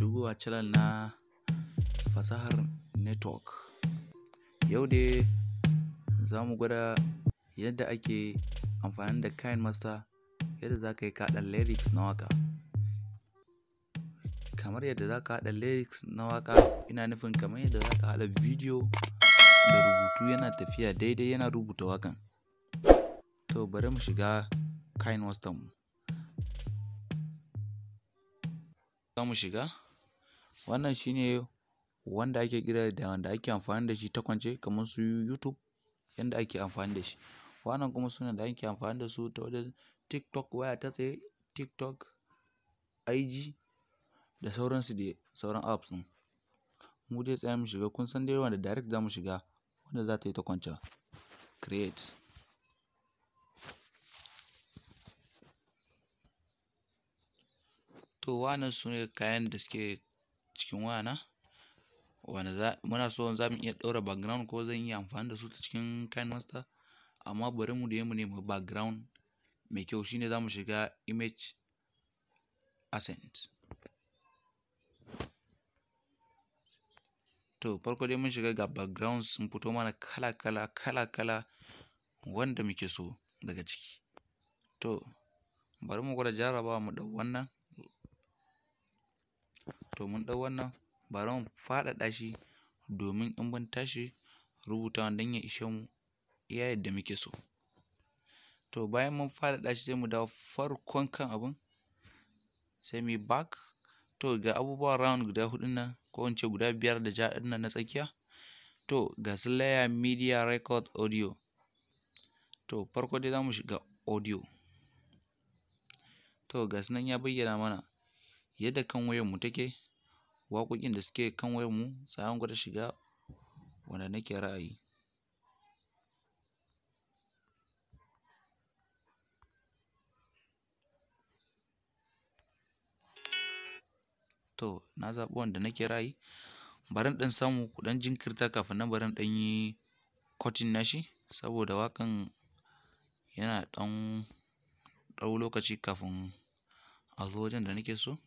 a channel na fasahar network yau dai za mu gwada yadda ake amfani da kind master yadda za ka yi kaɗa lyrics na waka kamar yadda za ka haɗa lyrics na waka ina nufin kamar yadda za ka haɗa video da rubutu yana tafiya daidai yana rubuta wakan to bari mu shiga kind master mu za mu shiga Wannan shi ne wanda ake kira da wanda ake amfani da shi ta kwance kamar su YouTube yanda ake amfani da shi. Wannan kuma sunan da ake amfani da su ta wajen TikTok waya ta tsaye, TikTok, IG da sauransu dai sauran apps ɗin. Mu dai tsaya mu shiga kun san dai wanda direct za mu shiga wanda za ta yi ta kwancen create. To wannan su ne kayan da suke cikin wayana wanda za muna so za mu iya ɗaura background ko zan iya amfani da su ta cikin kind master amma bari mu je mu nemi background mai kyau shine za mu shiga image ascent to farko dai mun shiga ga background sun fito mana kala kala kala kala wanda muke so daga ciki to bari mu gwada jarabawa mu ɗau wannan to mun ɗau wannan bari mu faɗaɗa shi domin in mun tashi rubutawan don ya ishe mu iya yadda muke so to bayan mun faɗaɗa shi sai mu dawo farkon kan abun sai mu yi back to ga abubuwan round guda huɗu nan ko in ce guda biyar da ja ɗin nan na tsakiya to ga su layer media record audio to farko dai za mu shiga audio to ga su nan ya bayyana mana yadda kan wayarmu take waƙoƙin da suke kan wayar mu sai an gwada shiga wanda nake ra'ayi. To na zaɓi wanda nake ra'ayi bari in ɗan samu ku ɗan jinkirta kafin nan bari in ɗan yi cutting nashi saboda waƙan yana ɗan ɗau lokaci kafin a zo wajen da nake so.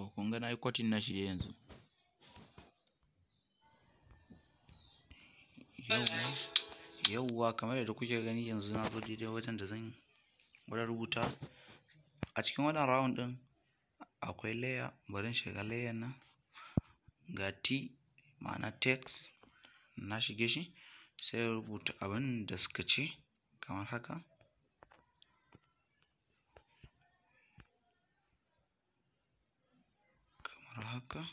ko kun ga na yi na shi yanzu yauwa kamar yadda kuke gani yanzu na zo daidai wajen da zan wurin rubuta a cikin wannan round ɗin akwai layer bari in shiga layer nan ga ma'ana text na shige shi sai rubuta abin da suka ce kamar haka haka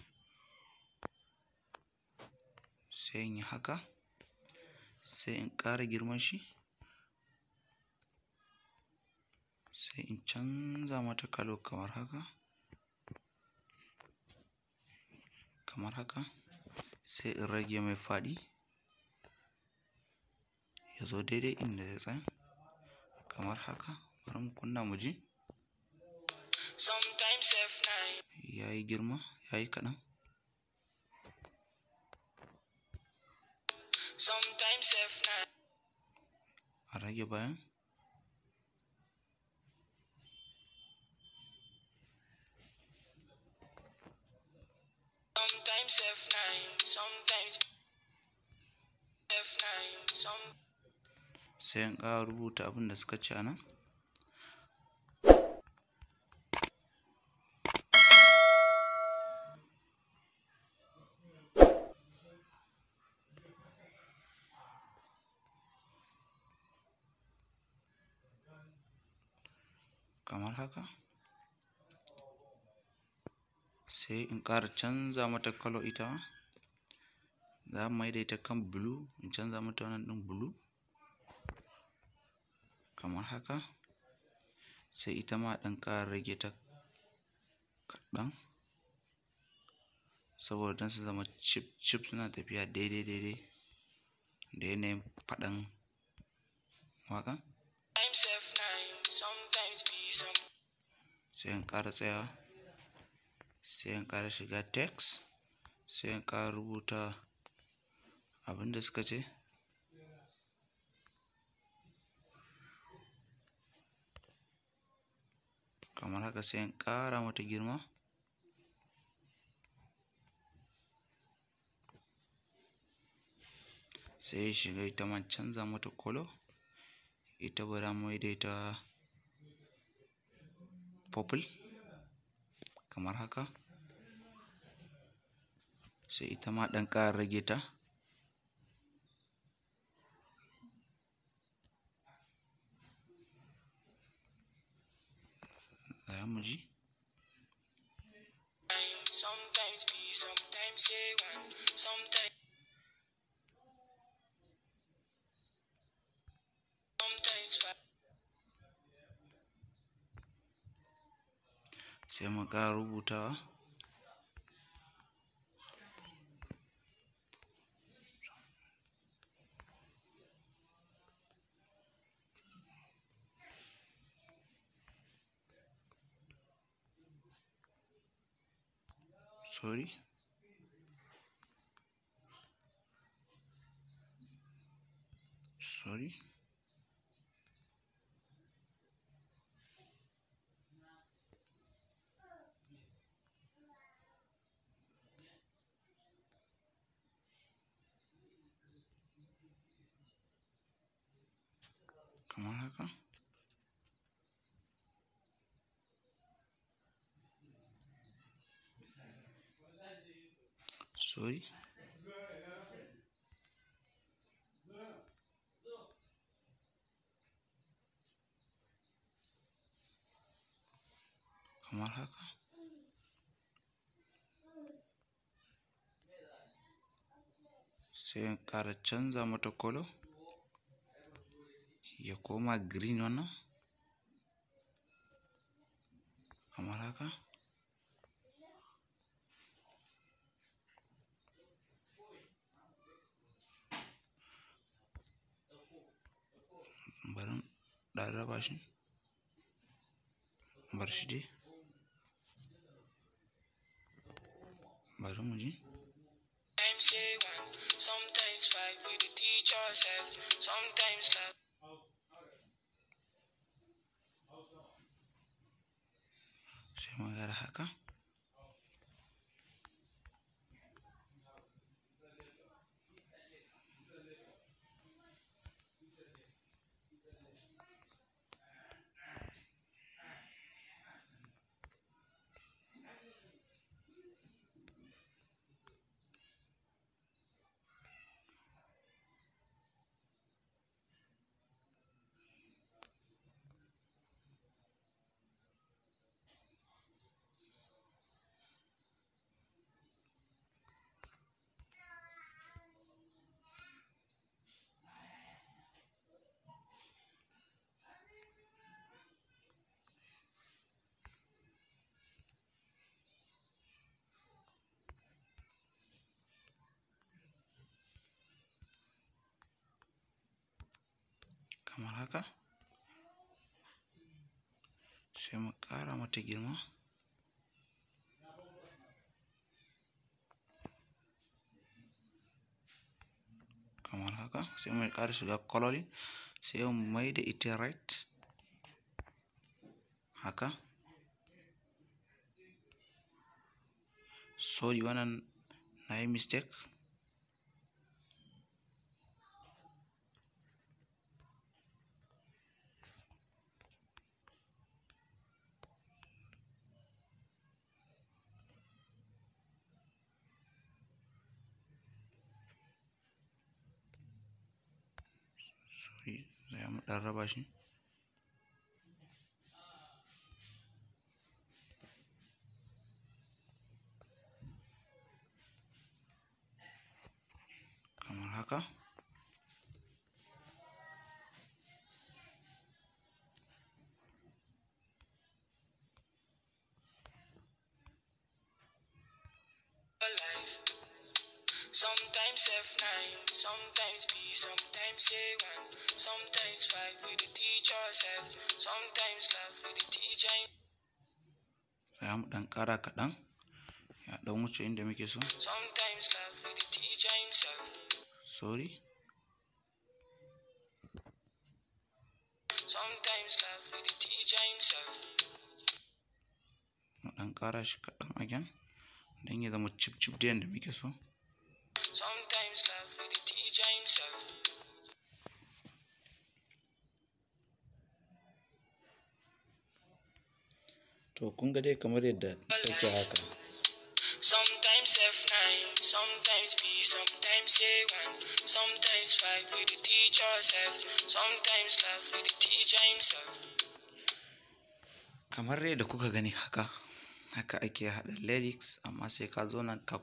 sai in yi haka sai in ƙara girman shi sai in canza mata kalo kamar haka kamar haka sai in rage mai faɗi ya zo daidai inda zai tsaya kamar haka bari mu kunna mu ji ya yi girma ya yi kaɗan a rage bayan sai in ƙara rubuta abin da suka ci a nan kamar haka sai in ƙara canza mata kalo ita ma za mu maida ita kan bulu in canza mata wannan ɗin bulu kamar haka sai ita ma ɗan ƙara rage ta kaɗan saboda don su zama cif cif suna tafiya daidai daidai da yanayin faɗan waƙan sai in ƙara tsayawa sai in ƙara shiga text sai in ƙara rubuta abin suka ce kamar haka sai in ƙara mata girma sai shiga ita ma canza mata kolo ita ba mai ita purple kamar haka sai ita ma ɗan ƙara rage ta sehemu kaa rubuta sorry sorry soy. sai ƙara canza mata kolo ya koma green wannan kamar haka रहा भाषण वर्ष जी भरो मुझे सेम वगैरह का haka sai kara ƙara mata girma kamar haka sai shiga kololi sai maide mai right haka So you wanna mistake डारा भाषण कमरा का life. Sometimes F9, sometimes B, sometimes A1, sometimes fight with the teacher self, sometimes love with the teacher. Saya mu dan kara kaɗan ya dan wuce demi kesu. Sometimes laugh with the teacher himself. Sorry. Sometimes love with the teacher himself. Mu dan kara shi again. Dan ya zama chip cip da demi kesu. Sometimes love with the teacher himself. To kun ga dai kamar yadda take haka. Sometimes F9, sometimes B, sometimes A1, sometimes five with the teacher self, sometimes love with the teacher himself. Kamar yadda kuka gani haka, haka ake haɗa lyrics amma sai ka zo nan ka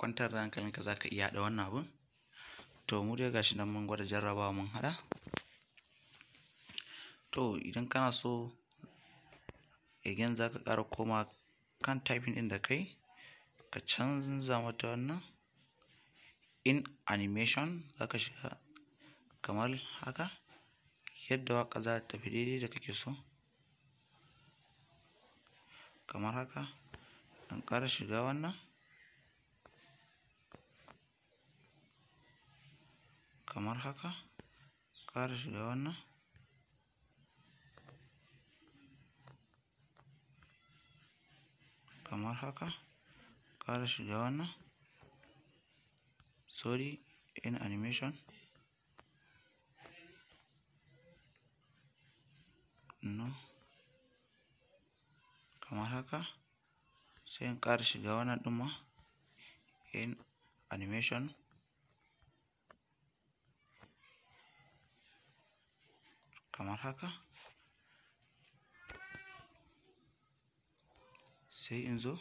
kwantar da hankalinka za ka iya haɗa wannan abun to mu dai gashi nan mun gwada jarrabawa mun haɗa to idan kana so again za ka ƙara koma kan typing ɗin da kai ka canza mata wannan in animation za ka shiga kamar haka yadda waka za ta tafi daidai da kake so kamar haka ɗan ƙara shiga wannan kamar haka ƙara shiga wannan kamar haka ƙara shiga wannan sorry in animation no kamar haka sai in ƙara shiga wannan ɗin ma in animation kamar haka sai in zo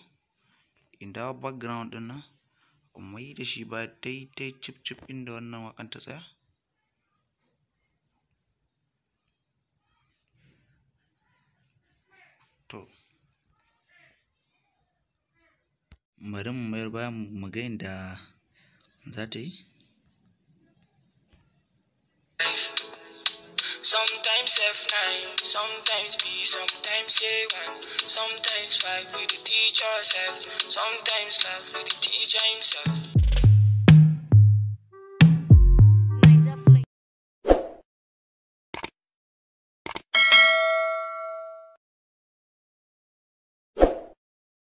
in dawo background ɗin nan in mai da shi ba daidai cip cip inda wannan waƙar ta tsaya to bari mu mayar bayan mu ga yadda za ta yi Sometimes F9, sometimes B, sometimes A1, sometimes fight with the teacher self, sometimes love with the teacher himself.